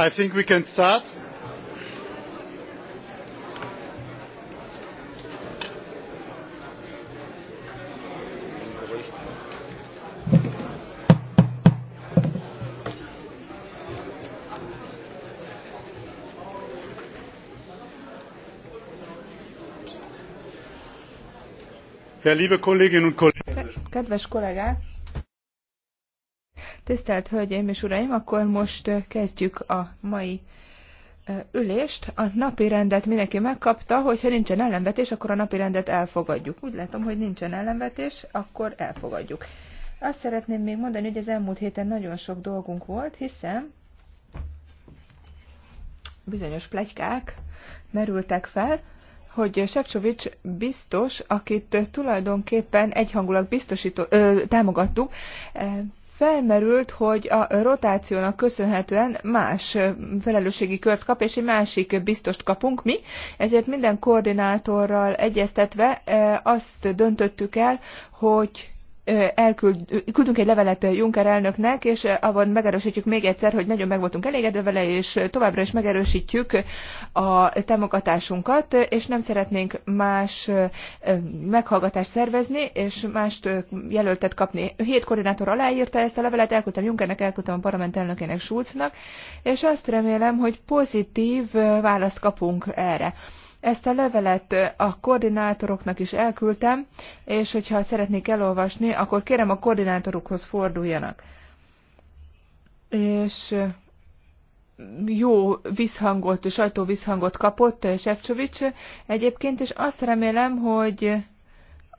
I think we can start. liebe Kolleginnen und Kollegen. Kedves kollégák, Tisztelt Hölgyeim és Uraim, akkor most kezdjük a mai ülést. A napi rendet mindenki megkapta, hogyha nincsen ellenvetés, akkor a napi rendet elfogadjuk. Úgy látom, hogy nincsen ellenvetés, akkor elfogadjuk. Azt szeretném még mondani, hogy az elmúlt héten nagyon sok dolgunk volt, hiszen bizonyos plegykák merültek fel, hogy Sefcsovics biztos, akit tulajdonképpen egyhangulag biztosító, ö, támogattuk, felmerült, hogy a rotációnak köszönhetően más felelősségi kört kap, és egy másik biztost kapunk mi, ezért minden koordinátorral egyeztetve azt döntöttük el, hogy elküld, küldünk egy levelet Juncker elnöknek, és abban megerősítjük még egyszer, hogy nagyon meg voltunk elégedve vele, és továbbra is megerősítjük a támogatásunkat, és nem szeretnénk más meghallgatást szervezni, és mást jelöltet kapni. Hét koordinátor aláírta ezt a levelet, elküldtem Junckernek, elküldtem a parlament elnökének Schulznak, és azt remélem, hogy pozitív választ kapunk erre. Ezt a levelet a koordinátoroknak is elküldtem, és hogyha szeretnék elolvasni, akkor kérem a koordinátorokhoz forduljanak. És jó visszhangot, sajtóvisszhangot kapott Sefcsovics egyébként, és azt remélem, hogy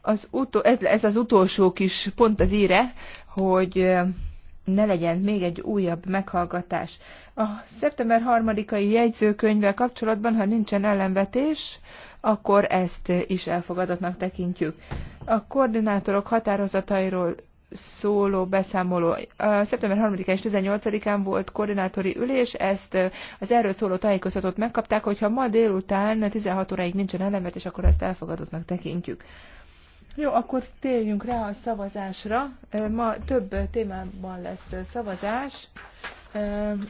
az utol, ez, ez az utolsó kis pont az íre, hogy ne legyen még egy újabb meghallgatás. A szeptember harmadikai jegyzőkönyvvel kapcsolatban, ha nincsen ellenvetés, akkor ezt is elfogadatnak tekintjük. A koordinátorok határozatairól szóló beszámoló. A szeptember 3 és 18-án volt koordinátori ülés, ezt az erről szóló tájékoztatót megkapták, hogyha ma délután 16 óráig nincsen és akkor ezt elfogadottnak tekintjük. Jó, akkor térjünk rá a szavazásra. Ma több témában lesz szavazás,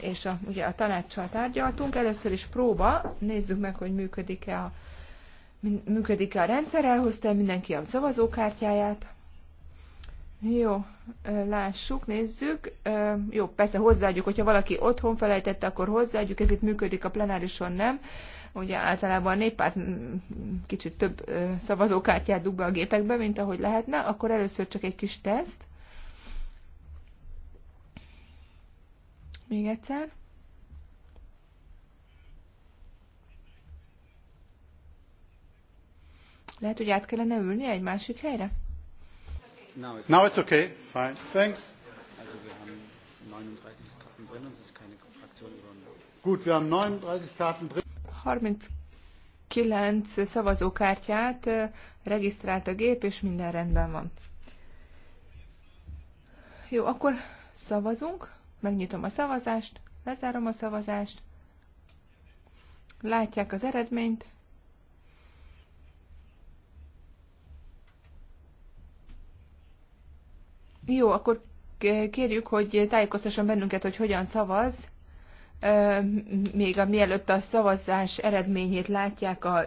és a, ugye a tanácssal tárgyaltunk. Először is próba, nézzük meg, hogy működik-e a, működik-e a rendszer. Elhozta mindenki a szavazókártyáját. Jó, lássuk, nézzük. Jó, persze hozzáadjuk, hogyha valaki otthon felejtette, akkor hozzáadjuk, ez itt működik, a plenárison nem. Ugye általában a néppárt kicsit több szavazókártyát dug be a gépekbe, mint ahogy lehetne, akkor először csak egy kis teszt. Még egyszer. Lehet, hogy át kellene ülni egy másik helyre? Now it's okay. Fine. Thanks. Gut, wir haben 39 Karten drin. 39 szavazókártyát regisztrált a gép, és minden rendben van. Jó, akkor szavazunk. Megnyitom a szavazást, lezárom a szavazást. Látják az eredményt. Jó, akkor kérjük, hogy tájékoztasson bennünket, hogy hogyan szavaz még a, mielőtt a szavazás eredményét látják a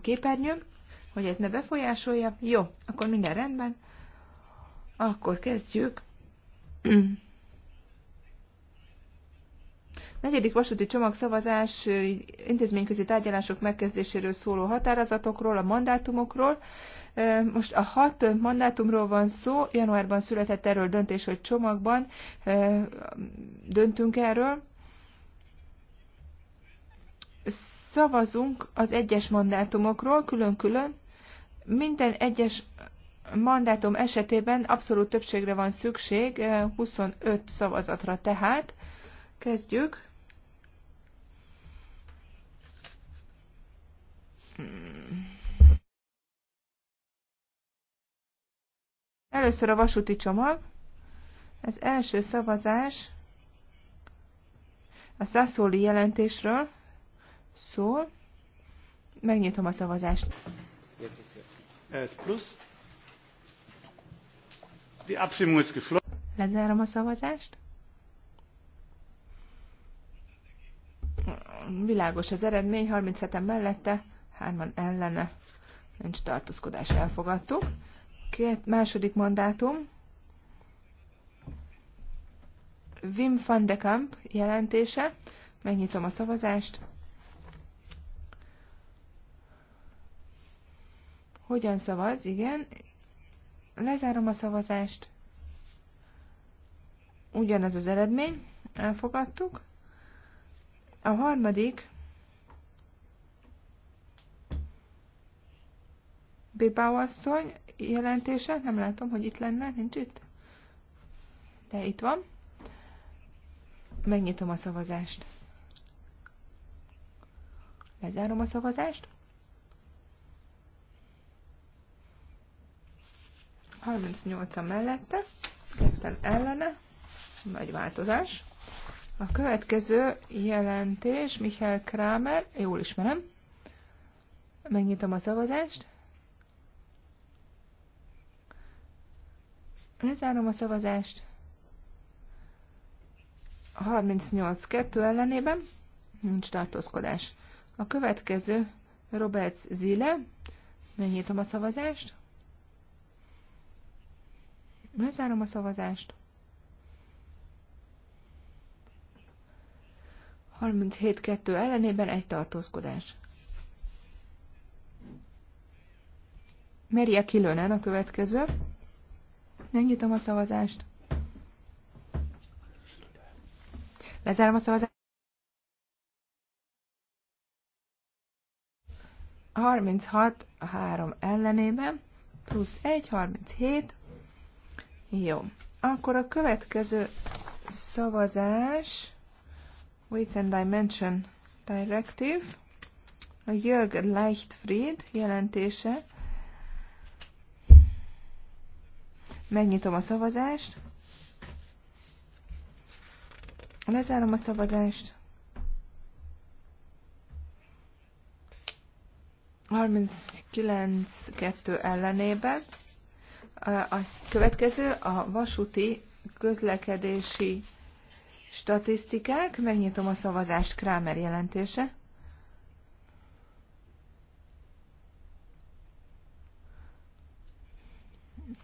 képernyőn, hogy ez ne befolyásolja. Jó, akkor minden rendben. Akkor kezdjük. Negyedik vasúti csomagszavazás intézményközi tárgyalások megkezdéséről szóló határozatokról, a mandátumokról. Most a hat mandátumról van szó, januárban született erről döntés, hogy csomagban döntünk erről szavazunk az egyes mandátumokról külön-külön. Minden egyes mandátum esetében abszolút többségre van szükség, 25 eh, szavazatra tehát. Kezdjük. Először a vasúti csomag. Ez első szavazás a Sassoli jelentésről szól. Megnyitom a szavazást. Ez plusz. Die Abstimmung ist geschlossen. Lezárom a szavazást. Világos az eredmény, 37-en mellette, 3-an ellene. Nincs tartózkodás, elfogadtuk. Két második mandátum. Wim van de Kamp jelentése. Megnyitom a szavazást. Hogyan szavaz? Igen. Lezárom a szavazást. Ugyanez az eredmény. Elfogadtuk. A harmadik Bibáó asszony jelentése, nem látom, hogy itt lenne, nincs itt. De itt van. Megnyitom a szavazást. Lezárom a szavazást. 38-a mellette, ketten ellene, nagy változás. A következő jelentés, Michael Kramer, jól ismerem. Megnyitom a szavazást. Lezárom a szavazást. 38-2 ellenében nincs tartózkodás. A következő Robert Zile. Megnyitom a szavazást. Lezárom a szavazást. 37-2 ellenében egy tartózkodás. Meria Kilönen a következő. Megnyitom a szavazást. Lezárom a szavazást. 36-3 ellenében, plusz 1, 37. Jó. Akkor a következő szavazás, Weights and Dimension Directive, a Jörg Leichtfried jelentése. Megnyitom a szavazást. Lezárom a szavazást. 39-2 ellenében a következő a vasúti közlekedési statisztikák. Megnyitom a szavazást Krámer jelentése.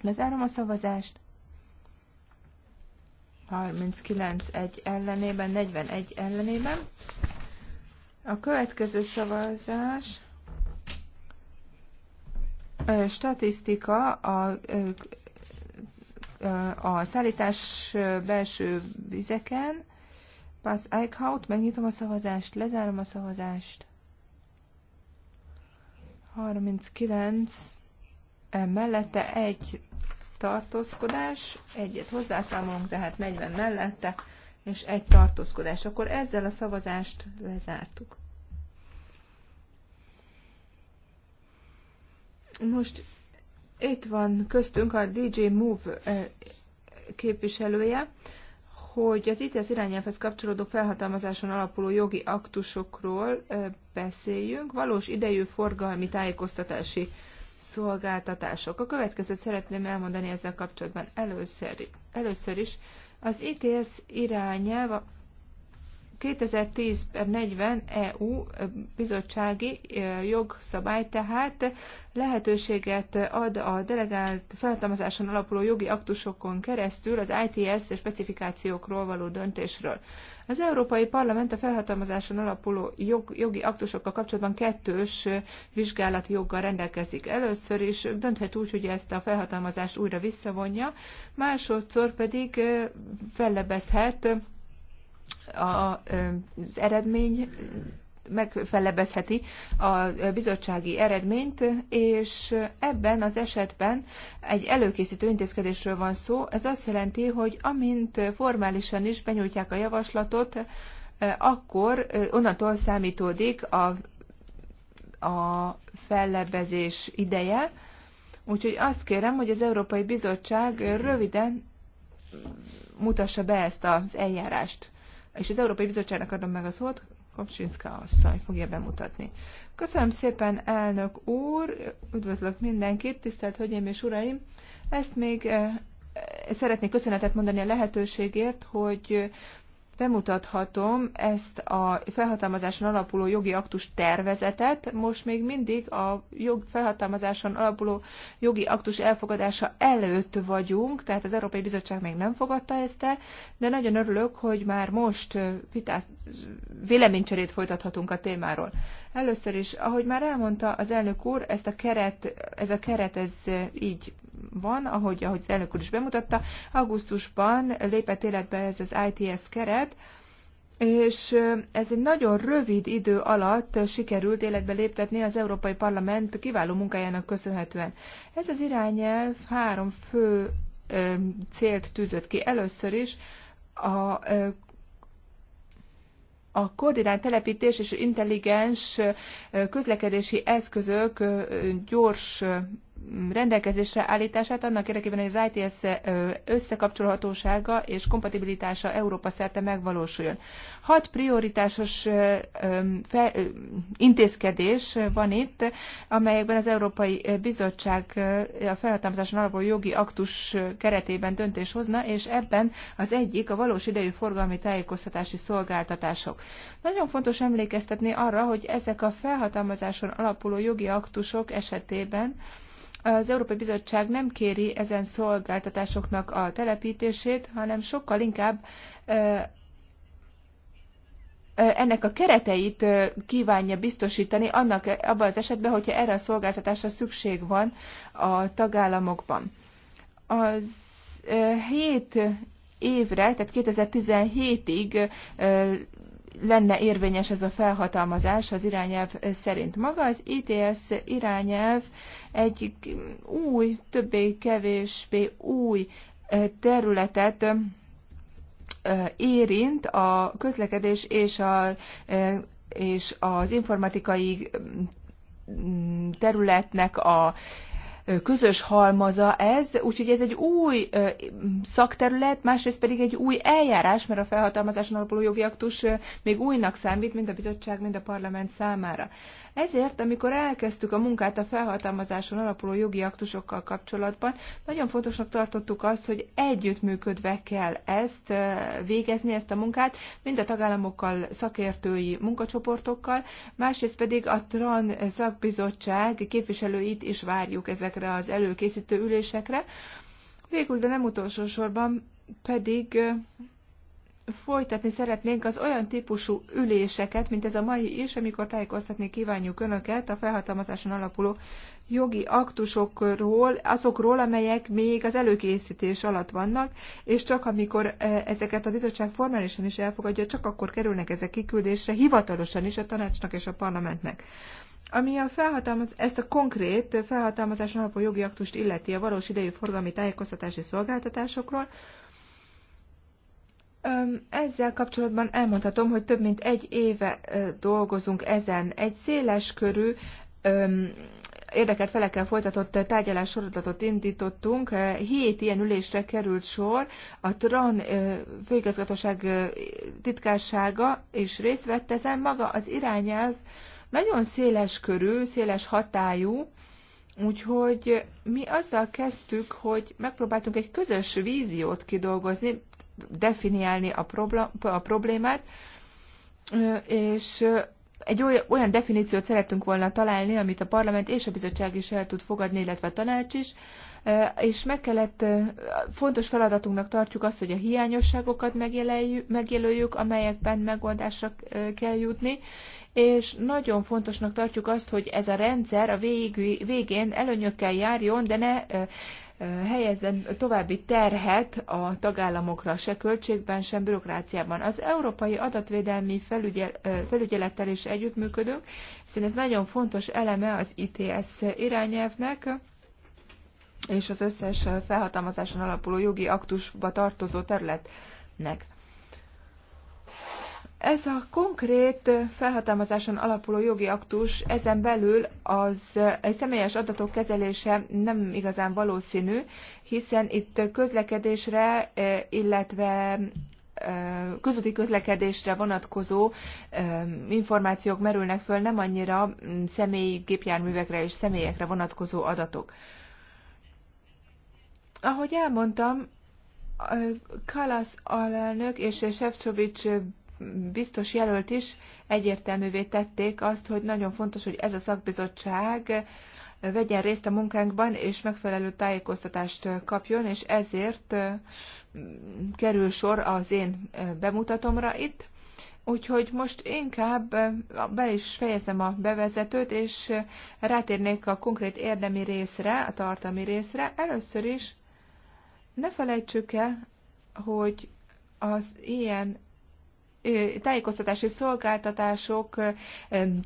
Lezárom a szavazást. 39 egy ellenében, 41 ellenében. A következő szavazás statisztika a, a szállítás belső vizeken. Pass Eichhaut, megnyitom a szavazást, lezárom a szavazást. 39 mellette egy tartózkodás, egyet hozzászámolunk, tehát 40 mellette, és egy tartózkodás. Akkor ezzel a szavazást lezártuk. Most itt van köztünk a DJ Move eh, képviselője, hogy az ITS irányelvhez kapcsolódó felhatalmazáson alapuló jogi aktusokról eh, beszéljünk, valós idejű forgalmi tájékoztatási szolgáltatások. A következőt szeretném elmondani ezzel kapcsolatban először, először is. Az ITS irányelv 2010 per 40 EU bizottsági jogszabály tehát lehetőséget ad a delegált felhatalmazáson alapuló jogi aktusokon keresztül az ITS specifikációkról való döntésről. Az Európai Parlament a felhatalmazáson alapuló jog, jogi aktusokkal kapcsolatban kettős vizsgálati joggal rendelkezik. Először is dönthet úgy, hogy ezt a felhatalmazást újra visszavonja, másodszor pedig fellebezhet a, az eredmény megfelebezheti a bizottsági eredményt, és ebben az esetben egy előkészítő intézkedésről van szó. Ez azt jelenti, hogy amint formálisan is benyújtják a javaslatot, akkor onnantól számítódik a, a fellebezés ideje. Úgyhogy azt kérem, hogy az Európai Bizottság röviden mutassa be ezt az eljárást és az Európai Bizottságnak adom meg a szót, Kopcsinszka asszony fogja bemutatni. Köszönöm szépen, elnök úr, üdvözlök mindenkit, tisztelt hölgyeim és uraim. Ezt még eh, szeretnék köszönetet mondani a lehetőségért, hogy bemutathatom ezt a felhatalmazáson alapuló jogi aktus tervezetet. Most még mindig a jog, felhatalmazáson alapuló jogi aktus elfogadása előtt vagyunk, tehát az Európai Bizottság még nem fogadta ezt el, de nagyon örülök, hogy már most vitász, véleménycserét folytathatunk a témáról. Először is, ahogy már elmondta az elnök úr, ezt a keret, ez a keret ez így van, ahogy, ahogy az elnök úr is bemutatta, augusztusban lépett életbe ez az ITS keret, és ez egy nagyon rövid idő alatt sikerült életbe léptetni az Európai Parlament kiváló munkájának köszönhetően. Ez az irányelv három fő célt tűzött ki. Először is a a koordinált telepítés és intelligens közlekedési eszközök gyors rendelkezésre állítását annak érdekében, hogy az ITS összekapcsolhatósága és kompatibilitása Európa szerte megvalósuljon. Hat prioritásos intézkedés van itt, amelyekben az Európai Bizottság a felhatalmazáson alapuló jogi aktus keretében döntés hozna, és ebben az egyik a valós idejű forgalmi tájékoztatási szolgáltatások. Nagyon fontos emlékeztetni arra, hogy ezek a felhatalmazáson alapuló jogi aktusok esetében, az Európai Bizottság nem kéri ezen szolgáltatásoknak a telepítését, hanem sokkal inkább ennek a kereteit kívánja biztosítani annak abban az esetben, hogyha erre a szolgáltatásra szükség van a tagállamokban. Az hét évre, tehát 2017-ig lenne érvényes ez a felhatalmazás az irányelv szerint. Maga az ITS irányelv egy új, többé-kevésbé új területet érint a közlekedés és, a, és az informatikai területnek a közös halmaza ez, úgyhogy ez egy új szakterület, másrészt pedig egy új eljárás, mert a felhatalmazáson alapuló jogi aktus még újnak számít, mind a bizottság, mind a parlament számára. Ezért, amikor elkezdtük a munkát a felhatalmazáson alapuló jogi aktusokkal kapcsolatban, nagyon fontosnak tartottuk azt, hogy együttműködve kell ezt végezni, ezt a munkát, mind a tagállamokkal, szakértői munkacsoportokkal, másrészt pedig a TRAN szakbizottság képviselőit is várjuk ezekre az előkészítő ülésekre. Végül, de nem utolsó sorban pedig folytatni szeretnénk az olyan típusú üléseket, mint ez a mai is, amikor tájékoztatni kívánjuk Önöket a felhatalmazáson alapuló jogi aktusokról, azokról, amelyek még az előkészítés alatt vannak, és csak amikor e, ezeket a bizottság formálisan is elfogadja, csak akkor kerülnek ezek kiküldésre hivatalosan is a tanácsnak és a parlamentnek. Ami a felhatalmaz, ezt a konkrét felhatalmazáson alapuló jogi aktust illeti a valós idejű forgalmi tájékoztatási szolgáltatásokról, ezzel kapcsolatban elmondhatom, hogy több mint egy éve dolgozunk ezen. Egy széles körű érdekelt felekkel folytatott tárgyalás sorozatot indítottunk. Hét ilyen ülésre került sor. A TRAN főigazgatóság titkársága is részt vett ezen. Maga az irányelv nagyon széles körű, széles hatályú, úgyhogy mi azzal kezdtük, hogy megpróbáltunk egy közös víziót kidolgozni, definiálni a problémát, és egy olyan definíciót szerettünk volna találni, amit a parlament és a bizottság is el tud fogadni, illetve a tanács is, és meg kellett, fontos feladatunknak tartjuk azt, hogy a hiányosságokat megjelöljük, amelyekben megoldásra kell jutni, és nagyon fontosnak tartjuk azt, hogy ez a rendszer a végén előnyökkel járjon, de ne helyezzen további terhet a tagállamokra, se költségben, sem bürokráciában. Az Európai Adatvédelmi felügyel, Felügyelettel is együttműködünk, hiszen ez nagyon fontos eleme az ITS irányelvnek, és az összes felhatalmazáson alapuló jogi aktusba tartozó területnek. Ez a konkrét felhatalmazáson alapuló jogi aktus ezen belül az személyes adatok kezelése nem igazán valószínű, hiszen itt közlekedésre, e, illetve e, közúti közlekedésre vonatkozó e, információk merülnek föl, nem annyira mm, személyi gépjárművekre és személyekre vonatkozó adatok. Ahogy elmondtam, Kalasz alelnök és Sefcovics biztos jelölt is egyértelművé tették azt, hogy nagyon fontos, hogy ez a szakbizottság vegyen részt a munkánkban, és megfelelő tájékoztatást kapjon, és ezért kerül sor az én bemutatomra itt. Úgyhogy most inkább be is fejezem a bevezetőt, és rátérnék a konkrét érdemi részre, a tartalmi részre. Először is ne felejtsük el, hogy az ilyen tájékoztatási szolgáltatások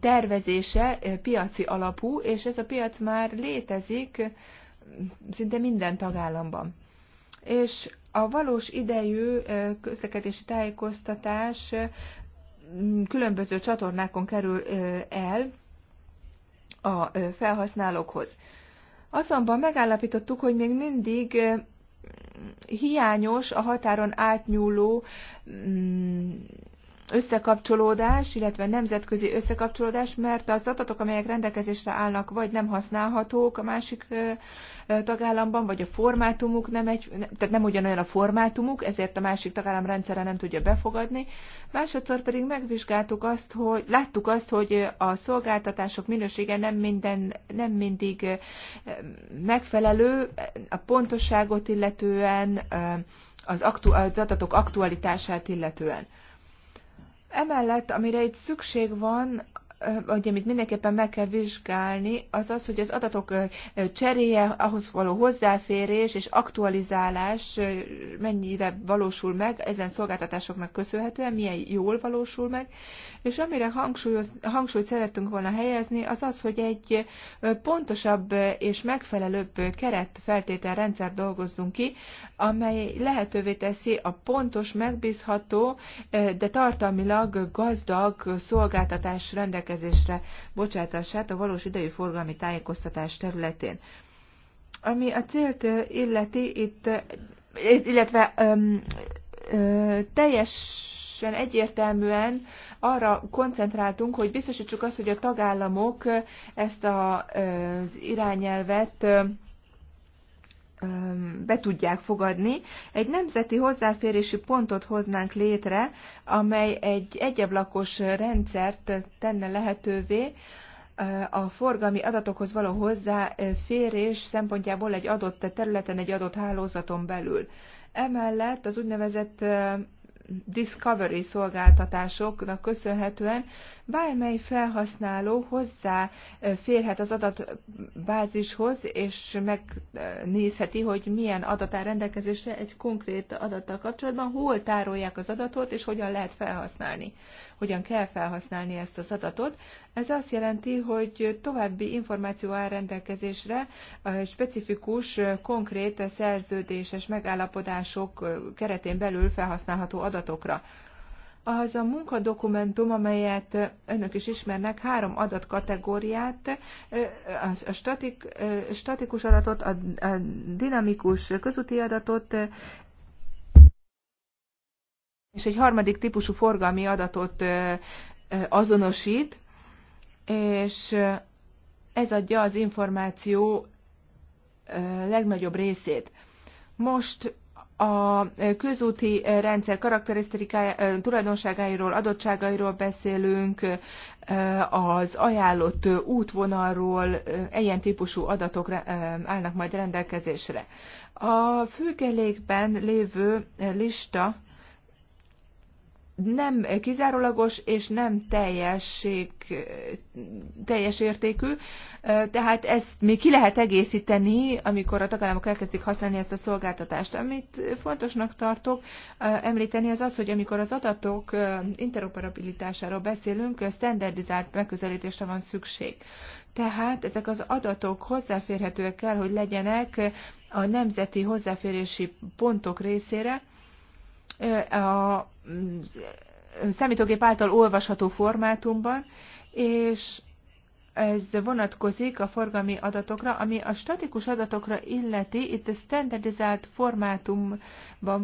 tervezése piaci alapú, és ez a piac már létezik szinte minden tagállamban. És a valós idejű közlekedési tájékoztatás különböző csatornákon kerül el a felhasználókhoz. Azonban megállapítottuk, hogy még mindig hiányos a határon átnyúló mm, összekapcsolódás, illetve nemzetközi összekapcsolódás, mert az adatok, amelyek rendelkezésre állnak, vagy nem használhatók a másik tagállamban, vagy a formátumuk nem egy, tehát nem ugyanolyan a formátumuk, ezért a másik tagállam rendszere nem tudja befogadni. Másodszor pedig megvizsgáltuk azt, hogy láttuk azt, hogy a szolgáltatások minősége nem, minden, nem mindig megfelelő, a pontosságot illetően, az, aktu- az adatok aktualitását illetően. Emellett, amire itt szükség van, vagy amit mindenképpen meg kell vizsgálni, az az, hogy az adatok cseréje, ahhoz való hozzáférés és aktualizálás mennyire valósul meg, ezen szolgáltatásoknak köszönhetően, milyen jól valósul meg, és amire hangsúlyt szerettünk volna helyezni, az az, hogy egy pontosabb és megfelelőbb rendszer dolgozzunk ki, amely lehetővé teszi a pontos, megbízható, de tartalmilag gazdag szolgáltatás rendelkezésre rendelkezésre bocsátását a valós idejű forgalmi tájékoztatás területén. Ami a célt illeti, itt, illetve um, teljesen egyértelműen arra koncentráltunk, hogy biztosítsuk azt, hogy a tagállamok ezt a, az irányelvet be tudják fogadni. Egy nemzeti hozzáférési pontot hoznánk létre, amely egy egyeblakos rendszert tenne lehetővé, a forgalmi adatokhoz való hozzáférés szempontjából egy adott területen, egy adott hálózaton belül. Emellett az úgynevezett Discovery szolgáltatásoknak köszönhetően bármely felhasználó hozzá férhet az adatbázishoz, és megnézheti, hogy milyen adat áll rendelkezésre egy konkrét adattal kapcsolatban, hol tárolják az adatot, és hogyan lehet felhasználni hogyan kell felhasználni ezt az adatot. Ez azt jelenti, hogy további információ áll rendelkezésre specifikus, konkrét szerződéses megállapodások keretén belül felhasználható adatokra. Az a munkadokumentum, amelyet önök is ismernek, három adatkategóriát, a statik, statikus adatot, a dinamikus közúti adatot és egy harmadik típusú forgalmi adatot azonosít, és ez adja az információ legnagyobb részét. Most a közúti rendszer karakterisztikája, tulajdonságairól adottságairól beszélünk, az ajánlott útvonalról, ilyen típusú adatok állnak majd rendelkezésre. A főkelékben lévő lista nem kizárólagos és nem teljesség, teljes értékű, tehát ezt még ki lehet egészíteni, amikor a tagállamok elkezdik használni ezt a szolgáltatást. Amit fontosnak tartok említeni, az az, hogy amikor az adatok interoperabilitásáról beszélünk, standardizált megközelítésre van szükség. Tehát ezek az adatok hozzáférhetőek kell, hogy legyenek a nemzeti hozzáférési pontok részére, a számítógép által olvasható formátumban, és ez vonatkozik a forgalmi adatokra, ami a statikus adatokra illeti, itt a standardizált formátumban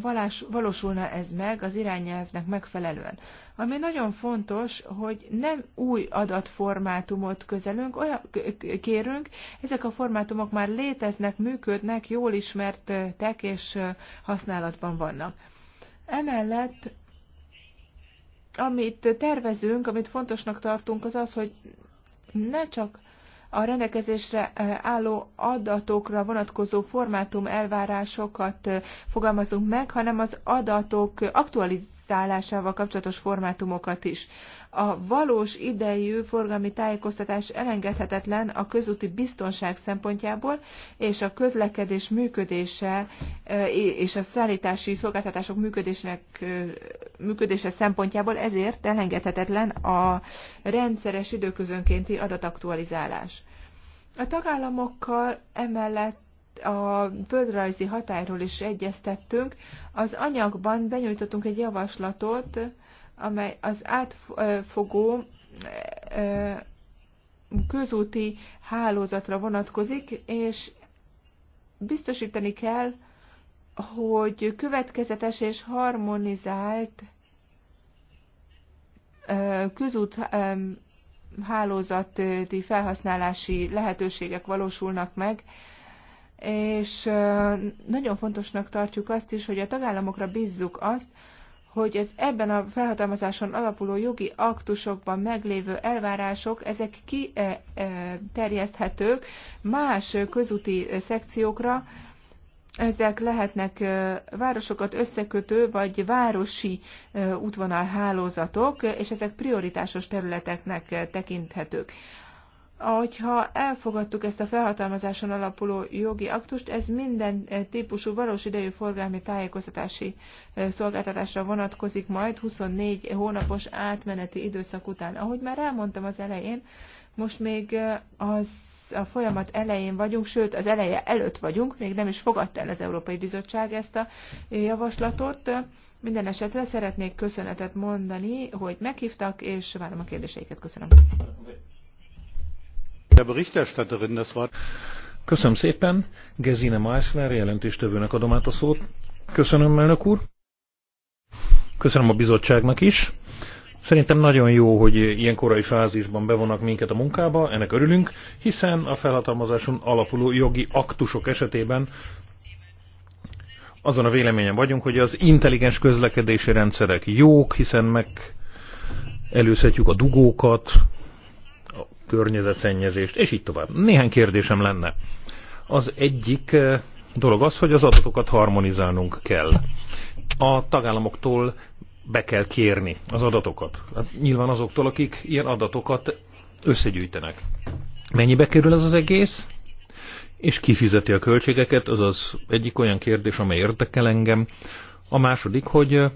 valás, valósulna ez meg az irányelvnek megfelelően. Ami nagyon fontos, hogy nem új adatformátumot közelünk, olyan, kérünk, ezek a formátumok már léteznek, működnek, jól ismertek és használatban vannak. Emellett amit tervezünk, amit fontosnak tartunk, az az, hogy ne csak a rendelkezésre eh, álló adatokra vonatkozó formátum elvárásokat eh, fogalmazunk meg, hanem az adatok aktualizálásával kapcsolatos formátumokat is. A valós idejű forgalmi tájékoztatás elengedhetetlen a közúti biztonság szempontjából, és a közlekedés működése és a szállítási szolgáltatások működésnek, működése szempontjából ezért elengedhetetlen a rendszeres időközönkénti adataktualizálás. A tagállamokkal emellett a földrajzi határól is egyeztettünk. Az anyagban benyújtottunk egy javaslatot, amely az átfogó közúti hálózatra vonatkozik, és biztosítani kell, hogy következetes és harmonizált közút hálózati felhasználási lehetőségek valósulnak meg, és nagyon fontosnak tartjuk azt is, hogy a tagállamokra bízzuk azt, hogy az ebben a felhatalmazáson alapuló jogi aktusokban meglévő elvárások, ezek kiterjeszthetők e, e, más közúti szekciókra, ezek lehetnek e, városokat összekötő vagy városi útvonalhálózatok, és ezek prioritásos területeknek tekinthetők. Ahogyha elfogadtuk ezt a felhatalmazáson alapuló jogi aktust, ez minden eh, típusú valós idejű forgalmi tájékoztatási eh, szolgáltatásra vonatkozik majd 24 hónapos átmeneti időszak után. Ahogy már elmondtam az elején, most még eh, az a folyamat elején vagyunk, sőt az eleje előtt vagyunk, még nem is fogadta el az Európai Bizottság ezt a javaslatot. Minden esetre szeretnék köszönetet mondani, hogy meghívtak, és várom a kérdéseiket. Köszönöm. Köszönöm szépen. Gezine Meissner jelentéstevőnek adom át a szót. Köszönöm, elnök úr. Köszönöm a bizottságnak is. Szerintem nagyon jó, hogy ilyen korai fázisban bevonnak minket a munkába, ennek örülünk, hiszen a felhatalmazáson alapuló jogi aktusok esetében azon a véleményen vagyunk, hogy az intelligens közlekedési rendszerek jók, hiszen meg előzhetjük a dugókat, környezetszennyezést, és így tovább. Néhány kérdésem lenne. Az egyik eh, dolog az, hogy az adatokat harmonizálnunk kell. A tagállamoktól be kell kérni az adatokat. Hát nyilván azoktól, akik ilyen adatokat összegyűjtenek. Mennyibe kerül ez az egész? És ki fizeti a költségeket? Az az egyik olyan kérdés, amely érdekel engem. A második, hogy eh,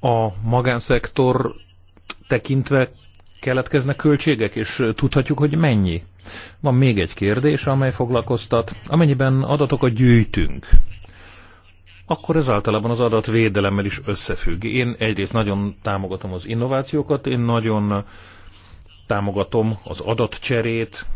a magánszektor tekintve keletkeznek költségek, és tudhatjuk, hogy mennyi. Van még egy kérdés, amely foglalkoztat. Amennyiben adatokat gyűjtünk, akkor ez általában az adatvédelemmel is összefügg. Én egyrészt nagyon támogatom az innovációkat, én nagyon támogatom az adatcserét,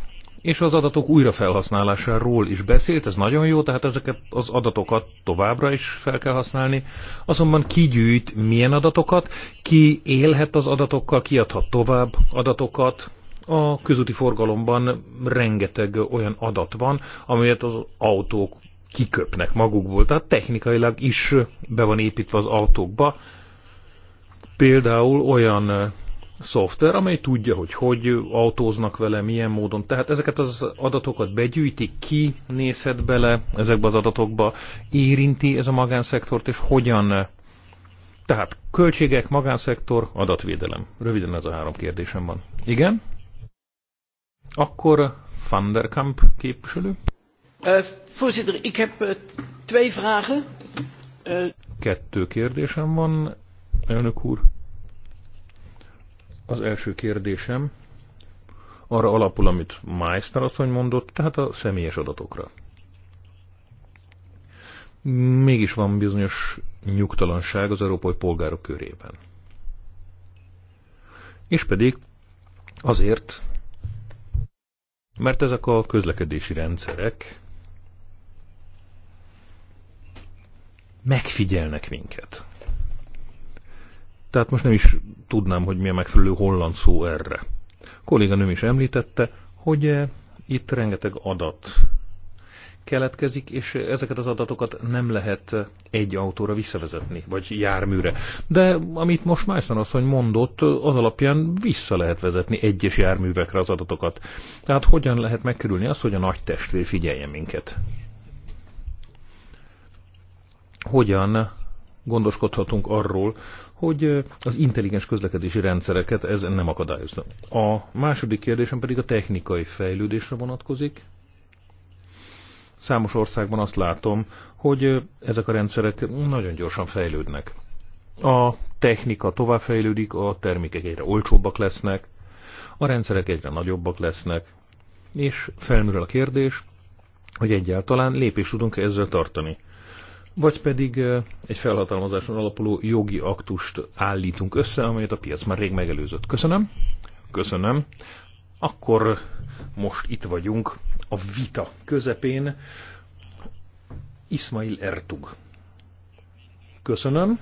és az adatok újrafelhasználásáról is beszélt, ez nagyon jó, tehát ezeket az adatokat továbbra is fel kell használni, azonban ki gyűjt milyen adatokat, ki élhet az adatokkal, ki adhat tovább adatokat, a közúti forgalomban rengeteg olyan adat van, amelyet az autók kiköpnek magukból, tehát technikailag is be van építve az autókba, például olyan szoftver, amely tudja, hogy hogy autóznak vele, milyen módon. Tehát ezeket az adatokat begyűjti, ki nézhet bele ezekbe az adatokba, érinti ez a magánszektort, és hogyan. Tehát költségek, magánszektor, adatvédelem. Röviden ez a három kérdésem van. Igen? Akkor Van der Kamp képviselő. Uh, voorzitter, ik heb uh, twee vragen. Uh... Kettő kérdésem van, elnök úr. Az első kérdésem arra alapul, amit Meissner asszony mondott, tehát a személyes adatokra. Mégis van bizonyos nyugtalanság az európai polgárok körében. És pedig azért, mert ezek a közlekedési rendszerek megfigyelnek minket. Tehát most nem is tudnám, hogy mi a megfelelő holland szó erre. A nem is említette, hogy eh, itt rengeteg adat keletkezik, és ezeket az adatokat nem lehet eh, egy autóra visszavezetni, vagy járműre. De amit most Májszan asszony mondott, az alapján vissza lehet vezetni egyes járművekre az adatokat. Tehát hogyan lehet megkerülni azt, hogy a nagy testvér figyelje minket? Hogyan gondoskodhatunk arról, hogy az intelligens közlekedési rendszereket ez nem akadályozza. A második kérdésem pedig a technikai fejlődésre vonatkozik. Számos országban azt látom, hogy ezek a rendszerek nagyon gyorsan fejlődnek. A technika továbbfejlődik, a termékek egyre olcsóbbak lesznek, a rendszerek egyre nagyobbak lesznek, és felmerül a kérdés, hogy egyáltalán lépést tudunk ezzel tartani vagy pedig egy felhatalmazáson alapuló jogi aktust állítunk össze, amelyet a piac már rég megelőzött. Köszönöm. Köszönöm. Akkor most itt vagyunk a vita közepén. Ismail Ertug. Köszönöm.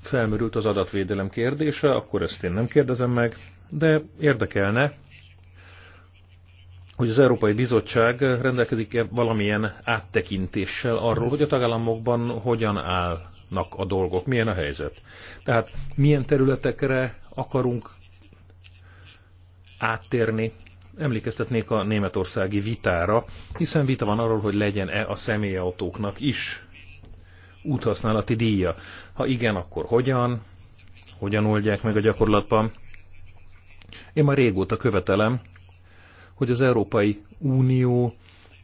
Felmerült az adatvédelem kérdése, akkor ezt én nem kérdezem meg, de érdekelne, hogy az Európai Bizottság rendelkezik-e valamilyen áttekintéssel arról, hogy a tagállamokban hogyan állnak a dolgok, milyen a helyzet. Tehát milyen területekre akarunk áttérni, emlékeztetnék a németországi vitára, hiszen vita van arról, hogy legyen-e a személyautóknak is úthasználati díja. Ha igen, akkor hogyan? Hogyan oldják meg a gyakorlatban? Én már régóta követelem, hogy az Európai Unió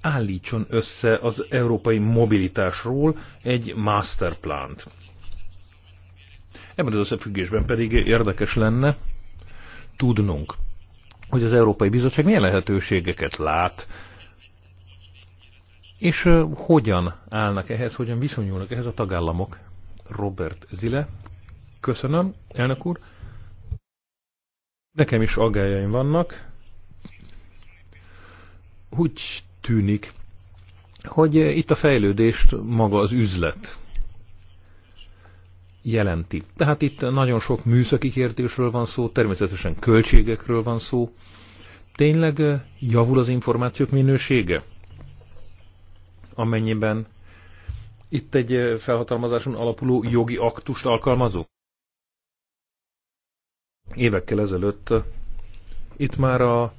állítson össze az európai mobilitásról egy masterplant. Ebben az összefüggésben pedig érdekes lenne tudnunk, hogy az Európai Bizottság milyen lehetőségeket lát, és hogyan állnak ehhez, hogyan viszonyulnak ehhez a tagállamok. Robert Zile, köszönöm, elnök úr. Nekem is aggájaim vannak, úgy tűnik, hogy itt a fejlődést maga az üzlet jelenti. Tehát itt nagyon sok műszaki kérdésről van szó, természetesen költségekről van szó. Tényleg javul az információk minősége? Amennyiben itt egy felhatalmazáson alapuló jogi aktust alkalmazó? Évekkel ezelőtt itt már a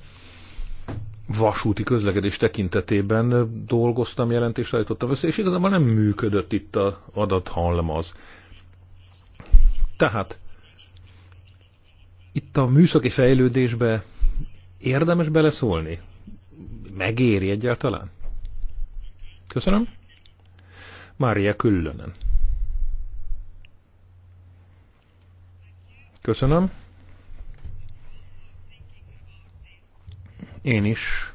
vasúti közlekedés tekintetében dolgoztam, jelentést állítottam össze, és igazából nem működött itt a adathalmaz. Tehát itt a műszaki fejlődésbe érdemes beleszólni? Megéri egyáltalán? Köszönöm. Mária Küllönen. Köszönöm. Én is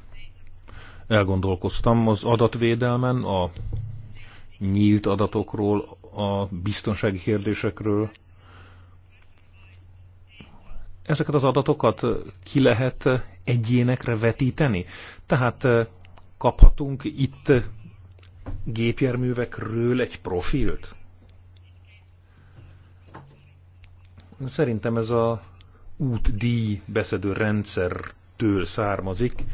elgondolkoztam az adatvédelmen, a nyílt adatokról, a biztonsági kérdésekről. Ezeket az adatokat ki lehet egyénekre vetíteni? Tehát eh, kaphatunk itt gépjárművekről egy profilt? Szerintem ez a útdíj beszedő rendszer től származik.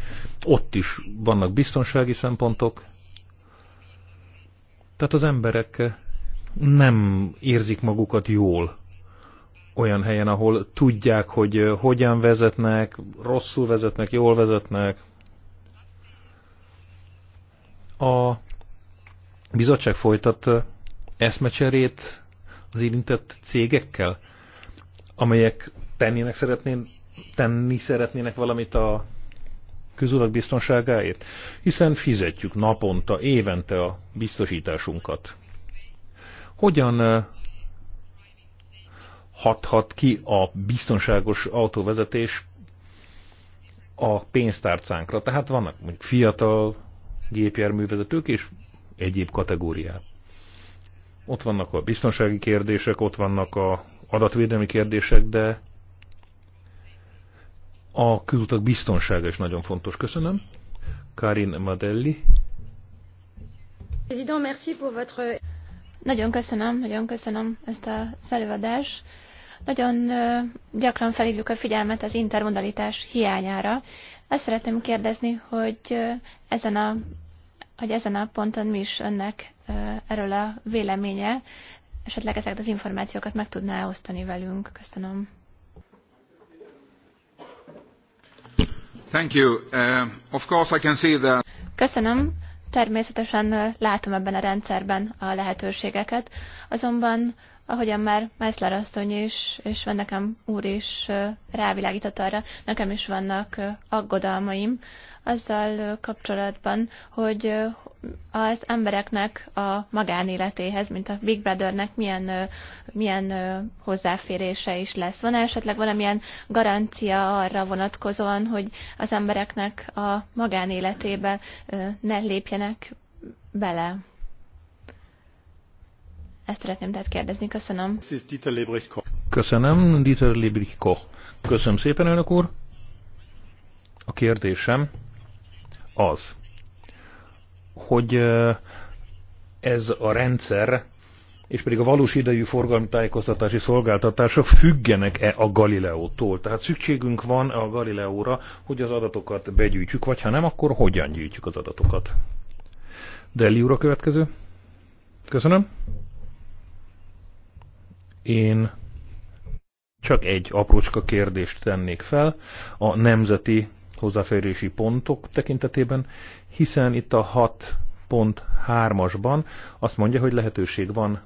Ott is vannak biztonsági szempontok. Tehát az emberek nem érzik magukat jól olyan helyen, ahol tudják, hogy hogyan vezetnek, rosszul vezetnek, jól vezetnek. A bizottság folytat eszmecserét az érintett cégekkel, amelyek tennének szeretnén tenni szeretnének valamit a közurak biztonságáért, hiszen fizetjük naponta, évente a biztosításunkat. Hogyan hathat ki a biztonságos autóvezetés a pénztárcánkra. Tehát vannak mondjuk fiatal gépjárművezetők és egyéb kategóriák. Ott vannak a biztonsági kérdések, ott vannak a adatvédelmi kérdések, de a küzutak biztonsága is nagyon fontos. Köszönöm. Karin Madelli. Nagyon köszönöm, nagyon köszönöm ezt a előadást. Nagyon gyakran felhívjuk a figyelmet az intermodalitás hiányára. Ezt szeretném kérdezni, hogy ezen a, hogy ezen a ponton mi is önnek erről a véleménye, esetleg ezeket az információkat meg tudná osztani velünk. Köszönöm. Thank you. Uh, of course I can see that... Köszönöm. Természetesen uh, látom ebben a rendszerben a lehetőségeket, azonban ahogyan már Meissler asszony is, és van nekem úr is rávilágított arra, nekem is vannak aggodalmaim azzal kapcsolatban, hogy az embereknek a magánéletéhez, mint a Big Brothernek milyen, milyen hozzáférése is lesz. Van -e esetleg valamilyen garancia arra vonatkozóan, hogy az embereknek a magánéletébe ne lépjenek bele? Ezt szeretném tehát kérdezni. Köszönöm. Köszönöm, Dieter Lebrichko. Köszönöm szépen, elnök úr. A kérdésem az, hogy ez a rendszer, és pedig a valós idejű forgalmi tájékoztatási szolgáltatások függenek-e a Galileótól? Tehát szükségünk van a Galileóra, hogy az adatokat begyűjtsük, vagy ha nem, akkor hogyan gyűjtjük az adatokat? Deli úr a következő. Köszönöm. Én csak egy aprócska kérdést tennék fel a nemzeti hozzáférési pontok tekintetében, hiszen itt a 6.3-asban azt mondja, hogy lehetőség van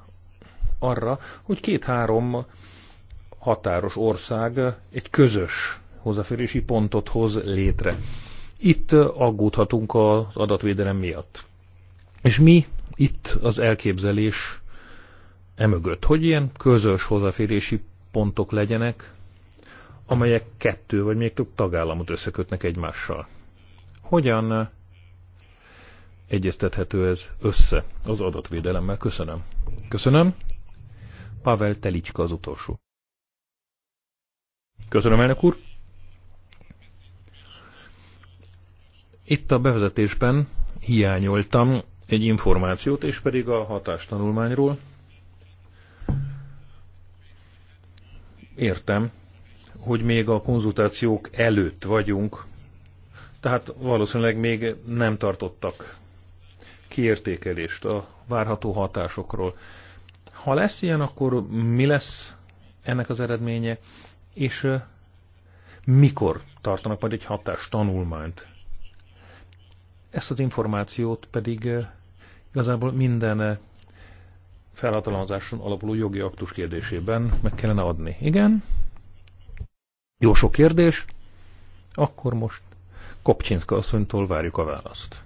arra, hogy két-három határos ország egy közös hozzáférési pontot hoz létre. Itt aggódhatunk az adatvédelem miatt. És mi itt az elképzelés emögött, hogy ilyen közös hozzáférési pontok legyenek, amelyek kettő vagy még több tagállamot összekötnek egymással. Hogyan eh, egyeztethető ez össze az adatvédelemmel? Köszönöm. Köszönöm. Pavel Telicska az utolsó. Köszönöm, elnök úr. Itt a bevezetésben hiányoltam egy információt, és pedig a hatástanulmányról, Értem, hogy még a konzultációk előtt vagyunk, tehát valószínűleg még nem tartottak kiértékelést a várható hatásokról. Ha lesz ilyen, akkor mi lesz ennek az eredménye, és mikor tartanak majd egy hatás tanulmányt? Ezt az információt pedig igazából minden felhatalmazáson alapuló jogi aktus kérdésében meg kellene adni. Igen? Jó sok kérdés. Akkor most Kopcsinszka asszonytól várjuk a választ.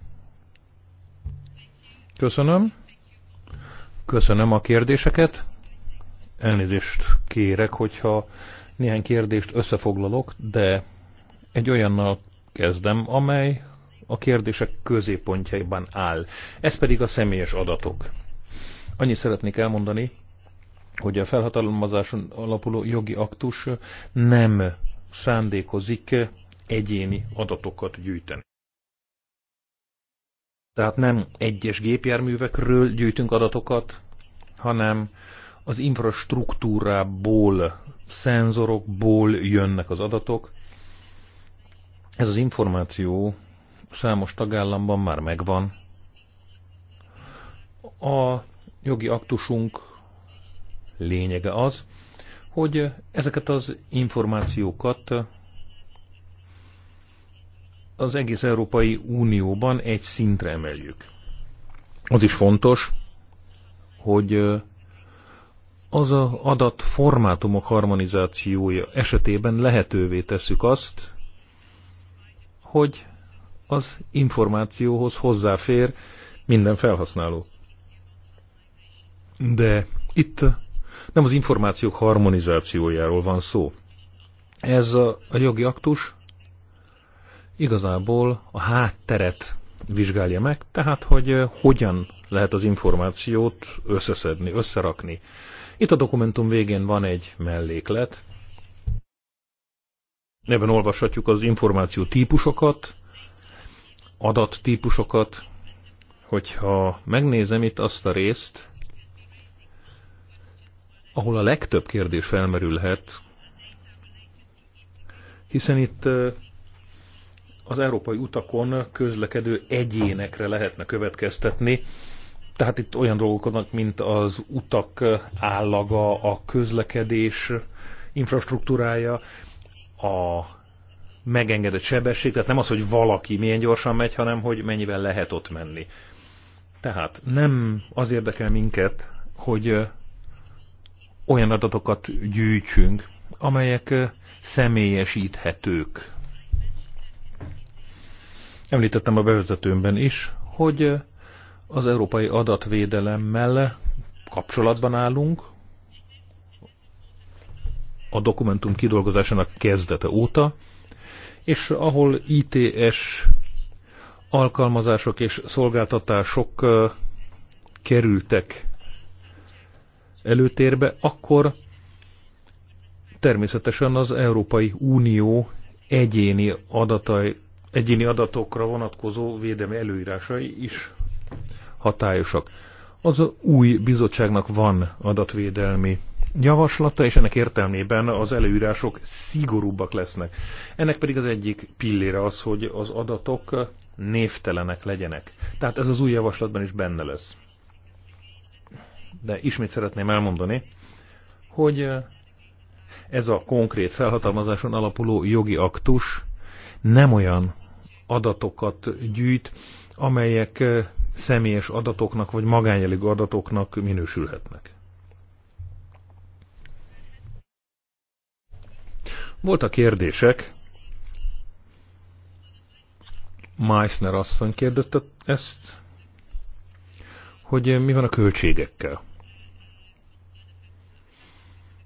Köszönöm. Köszönöm a kérdéseket. Elnézést kérek, hogyha néhány kérdést összefoglalok, de egy olyannal kezdem, amely a kérdések középpontjaiban áll. Ez pedig a személyes adatok. Annyit szeretnék elmondani, hogy a felhatalmazáson alapuló jogi aktus nem szándékozik egyéni adatokat gyűjteni. Tehát nem egyes gépjárművekről gyűjtünk adatokat, hanem az infrastruktúrából, szenzorokból jönnek az adatok. Ez az információ számos tagállamban már megvan. A jogi aktusunk lényege az, hogy ezeket az információkat az egész Európai Unióban egy szintre emeljük. Az is fontos, hogy az a adat formátumok harmonizációja esetében lehetővé tesszük azt, hogy az információhoz hozzáfér minden felhasználó. De itt nem az információk harmonizációjáról van szó. Ez a, a jogi aktus igazából a hátteret vizsgálja meg, tehát hogy eh, hogyan lehet az információt összeszedni, összerakni. Itt a dokumentum végén van egy melléklet, Ebben olvashatjuk az információ típusokat, adattípusokat. Hogyha megnézem itt azt a részt, ahol a legtöbb kérdés felmerülhet, hiszen itt az európai utakon közlekedő egyénekre lehetne következtetni, tehát itt olyan dolgok vannak, mint az utak állaga, a közlekedés infrastruktúrája, a megengedett sebesség, tehát nem az, hogy valaki milyen gyorsan megy, hanem hogy mennyivel lehet ott menni. Tehát nem az érdekel minket, hogy olyan adatokat gyűjtsünk, amelyek személyesíthetők. Említettem a bevezetőmben is, hogy az európai adatvédelemmel kapcsolatban állunk a dokumentum kidolgozásának kezdete óta, és ahol ITS alkalmazások és szolgáltatások kerültek előtérbe, akkor természetesen az Európai Unió egyéni, adatai, egyéni adatokra vonatkozó védelmi előírásai is hatályosak. Az új bizottságnak van adatvédelmi javaslata, és ennek értelmében az előírások szigorúbbak lesznek. Ennek pedig az egyik pillére az, hogy az adatok névtelenek legyenek. Tehát ez az új javaslatban is benne lesz de ismét szeretném elmondani, hogy ez a konkrét felhatalmazáson alapuló jogi aktus nem olyan adatokat gyűjt, amelyek személyes adatoknak vagy magányelégű adatoknak minősülhetnek. Voltak kérdések. Meissner asszony kérdette ezt hogy eh, mi van a költségekkel.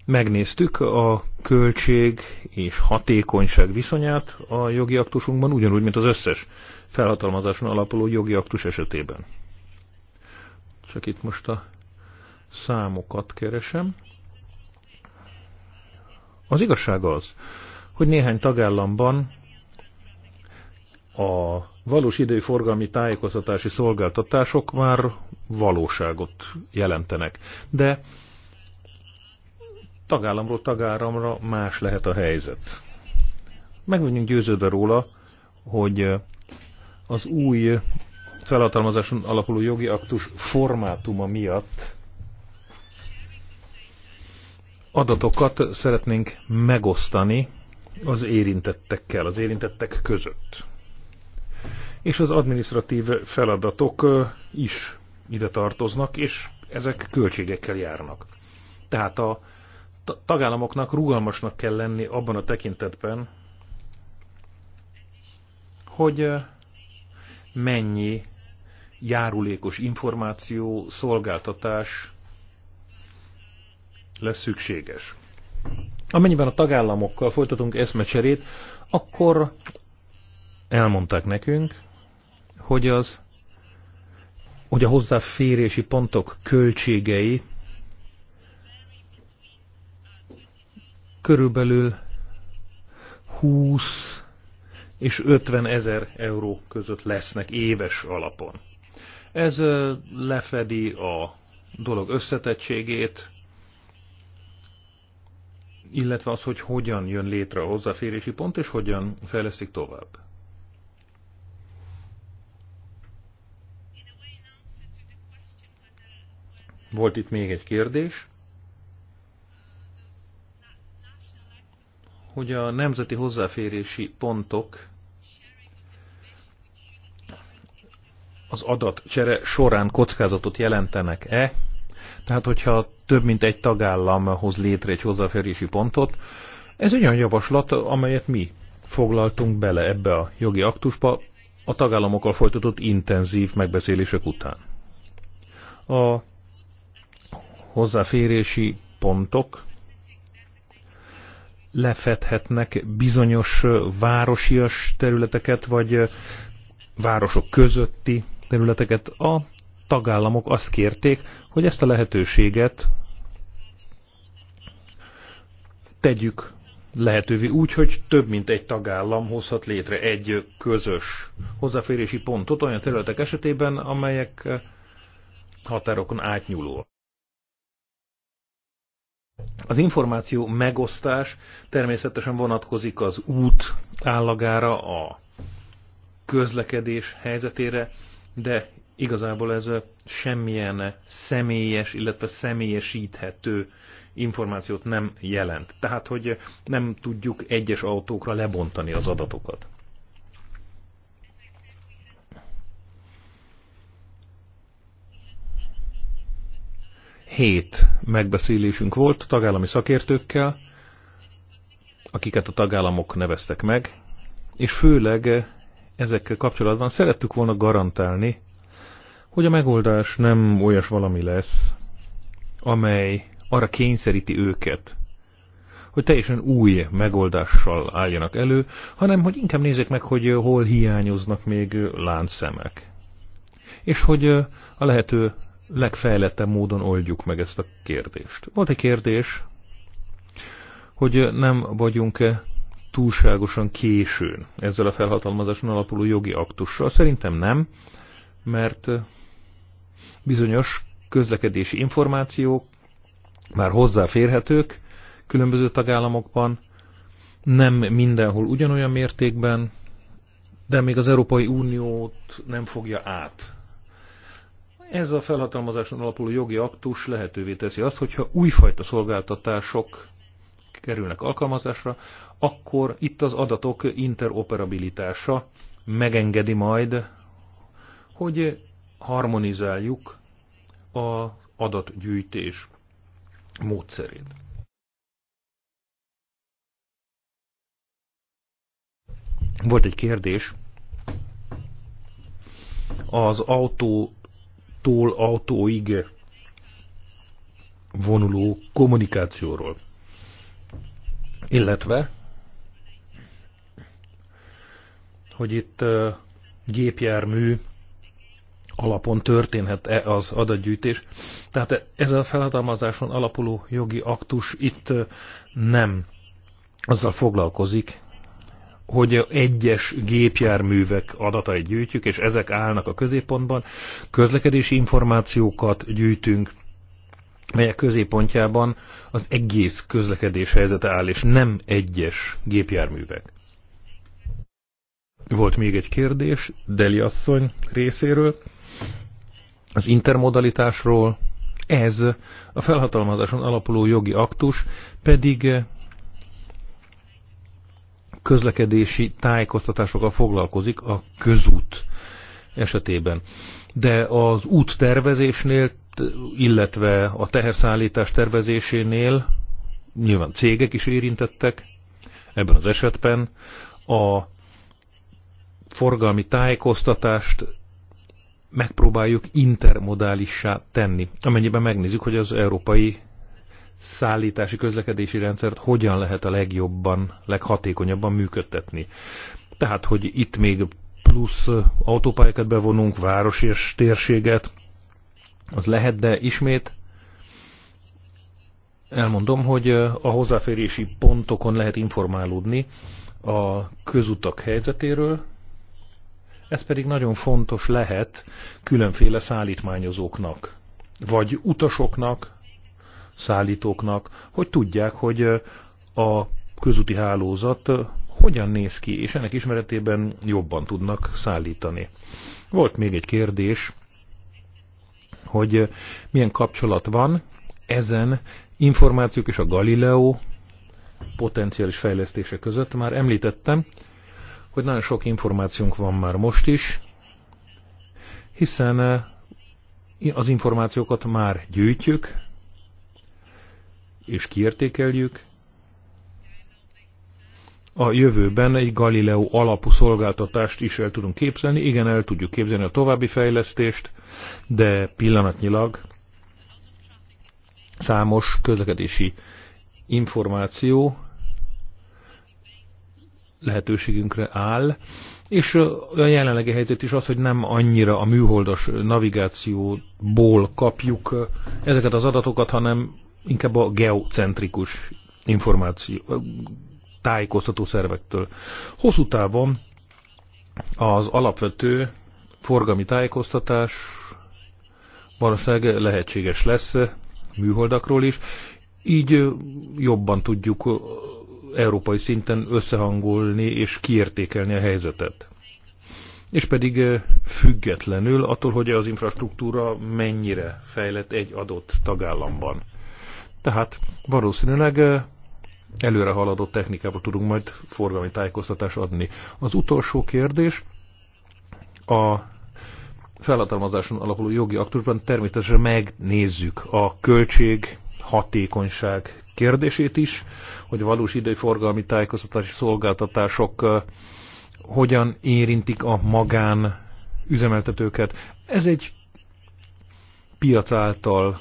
Megnéztük a költség és hatékonyság viszonyát a jogi aktusunkban, ugyanúgy, mint az összes felhatalmazáson alapuló jogi aktus esetében. Csak itt most a számokat keresem. Az igazság az, hogy néhány tagállamban a valós időforgalmi tájékoztatási szolgáltatások már valóságot jelentenek. De tagállamról tagállamra más lehet a helyzet. Meg vagyunk győződve róla, hogy az új felhatalmazáson alapuló jogi aktus formátuma miatt adatokat szeretnénk megosztani az érintettekkel, az érintettek között és az administratív feladatok is ide tartoznak, és ezek költségekkel járnak. Tehát a tagállamoknak rugalmasnak kell lenni abban a tekintetben, hogy mennyi járulékos információ, szolgáltatás lesz szükséges. Amennyiben a tagállamokkal folytatunk eszmecserét, akkor elmondták nekünk, hogy az hogy a hozzáférési pontok költségei körülbelül 20 és 50 ezer euró között lesznek éves alapon. Ez lefedi a dolog összetettségét, illetve az, hogy hogyan jön létre a hozzáférési pont, és hogyan fejlesztik tovább. Volt itt még egy kérdés, hogy a nemzeti hozzáférési pontok az adatcsere során kockázatot jelentenek-e? Tehát, hogyha több mint egy tagállam hoz létre egy hozzáférési pontot, ez egy olyan javaslat, amelyet mi foglaltunk bele ebbe a jogi aktusba a tagállamokkal folytatott intenzív megbeszélések után. A hozzáférési pontok lefedhetnek bizonyos városias területeket, vagy városok közötti területeket. A tagállamok azt kérték, hogy ezt a lehetőséget tegyük lehetővé úgy, hogy több mint egy tagállam hozhat létre egy közös hozzáférési pontot olyan területek esetében, amelyek határokon átnyúló. Az információ megosztás természetesen vonatkozik az út állagára, a közlekedés helyzetére, de igazából ez semmilyen személyes, illetve személyesíthető információt nem jelent. Tehát, hogy nem tudjuk egyes autókra lebontani az adatokat. hét megbeszélésünk volt tagállami szakértőkkel, akiket a tagállamok neveztek meg, és főleg ezekkel kapcsolatban szerettük volna garantálni, hogy a megoldás nem olyas valami lesz, amely arra kényszeríti őket, hogy teljesen új megoldással álljanak elő, hanem hogy inkább nézzék meg, hogy hol hiányoznak még láncszemek. És hogy a lehető legfejlettebb módon oldjuk meg ezt a kérdést. Volt egy kérdés, hogy nem vagyunk-e túlságosan későn ezzel a felhatalmazáson alapuló jogi aktussal. Szerintem nem, mert bizonyos közlekedési információk már hozzáférhetők különböző tagállamokban, nem mindenhol ugyanolyan mértékben, de még az Európai Uniót nem fogja át ez a felhatalmazáson alapuló jogi aktus lehetővé teszi azt, hogyha újfajta szolgáltatások kerülnek alkalmazásra, akkor itt az adatok interoperabilitása megengedi majd, hogy harmonizáljuk az adatgyűjtés módszerét. Volt egy kérdés az autó autótól autóig vonuló kommunikációról. Illetve, hogy itt gépjármű alapon történhet-e az adatgyűjtés. Tehát ez a felhatalmazáson alapuló jogi aktus itt nem azzal foglalkozik, hogy egyes gépjárművek adatait gyűjtjük, és ezek állnak a középpontban. Közlekedési információkat gyűjtünk, melyek középpontjában az egész közlekedés helyzete áll, és nem egyes gépjárművek. Volt még egy kérdés Deli asszony részéről, az intermodalitásról. Ez a felhatalmazáson alapuló jogi aktus pedig közlekedési tájékoztatásokkal foglalkozik a közút esetében. De az út tervezésnél, illetve a teherszállítás tervezésénél nyilván cégek is érintettek ebben az esetben. A forgalmi tájékoztatást megpróbáljuk intermodálissá tenni, amennyiben megnézzük, hogy az európai szállítási közlekedési rendszert hogyan lehet a legjobban, leghatékonyabban működtetni. Tehát, hogy itt még plusz autópályákat bevonunk, városi és térséget, az lehet, de ismét elmondom, hogy a hozzáférési pontokon lehet informálódni a közutak helyzetéről, ez pedig nagyon fontos lehet különféle szállítmányozóknak, vagy utasoknak, szállítóknak, hogy tudják, hogy a közúti hálózat hogyan néz ki, és ennek ismeretében jobban tudnak szállítani. Volt még egy kérdés, hogy milyen kapcsolat van ezen információk és a Galileo potenciális fejlesztése között. Már említettem, hogy nagyon sok információnk van már most is, hiszen az információkat már gyűjtjük, és kiértékeljük, a jövőben egy Galileo alapú szolgáltatást is el tudunk képzelni. Igen, el tudjuk képzelni a további fejlesztést, de pillanatnyilag számos közlekedési információ lehetőségünkre áll, és a jelenlegi helyzet is az, hogy nem annyira a műholdas navigációból kapjuk ezeket az adatokat, hanem inkább a geocentrikus információ, tájékoztató szervektől. Hosszú távon az alapvető forgalmi tájékoztatás valószínűleg lehetséges lesz műholdakról is, így jobban tudjuk európai szinten összehangolni és kiértékelni a helyzetet. És pedig függetlenül attól, hogy az infrastruktúra mennyire fejlett egy adott tagállamban. Tehát valószínűleg előre haladott technikába tudunk majd forgalmi tájékoztatást adni. Az utolsó kérdés a felhatalmazáson alapuló jogi aktusban természetesen megnézzük a költség hatékonyság kérdését is, hogy valós idei forgalmi tájékoztatási szolgáltatások hogyan érintik a magán üzemeltetőket. Ez egy piac által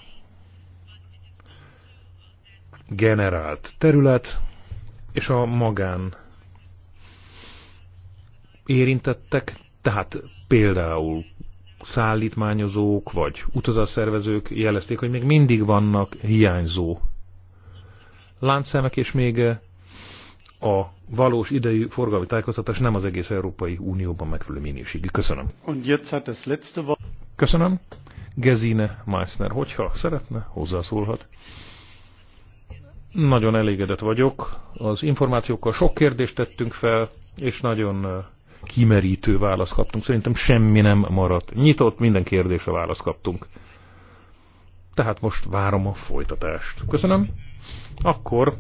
generált terület, és a magán érintettek, tehát például szállítmányozók vagy utazásszervezők jelezték, hogy még mindig vannak hiányzó láncszemek, és még a valós idejű forgalmi tájékoztatás nem az egész Európai Unióban megfelelő minőségű. Köszönöm. Köszönöm. Gezine Meissner, hogyha szeretne, hozzászólhat. Nagyon elégedett vagyok. Az információkkal sok kérdést tettünk fel, és nagyon kimerítő választ kaptunk. Szerintem semmi nem maradt. Nyitott, minden kérdésre választ kaptunk. Tehát most várom a folytatást. Köszönöm. Akkor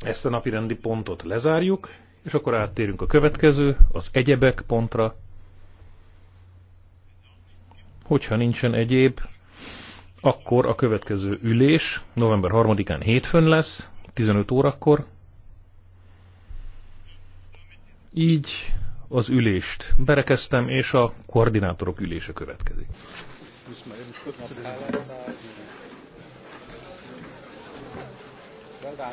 ezt a napi rendi pontot lezárjuk, és akkor áttérünk a következő, az egyebek pontra. Hogyha nincsen egyéb, akkor a következő ülés november 3-án hétfőn lesz, 15 órakor. Így az ülést berekeztem, és a koordinátorok ülése következik.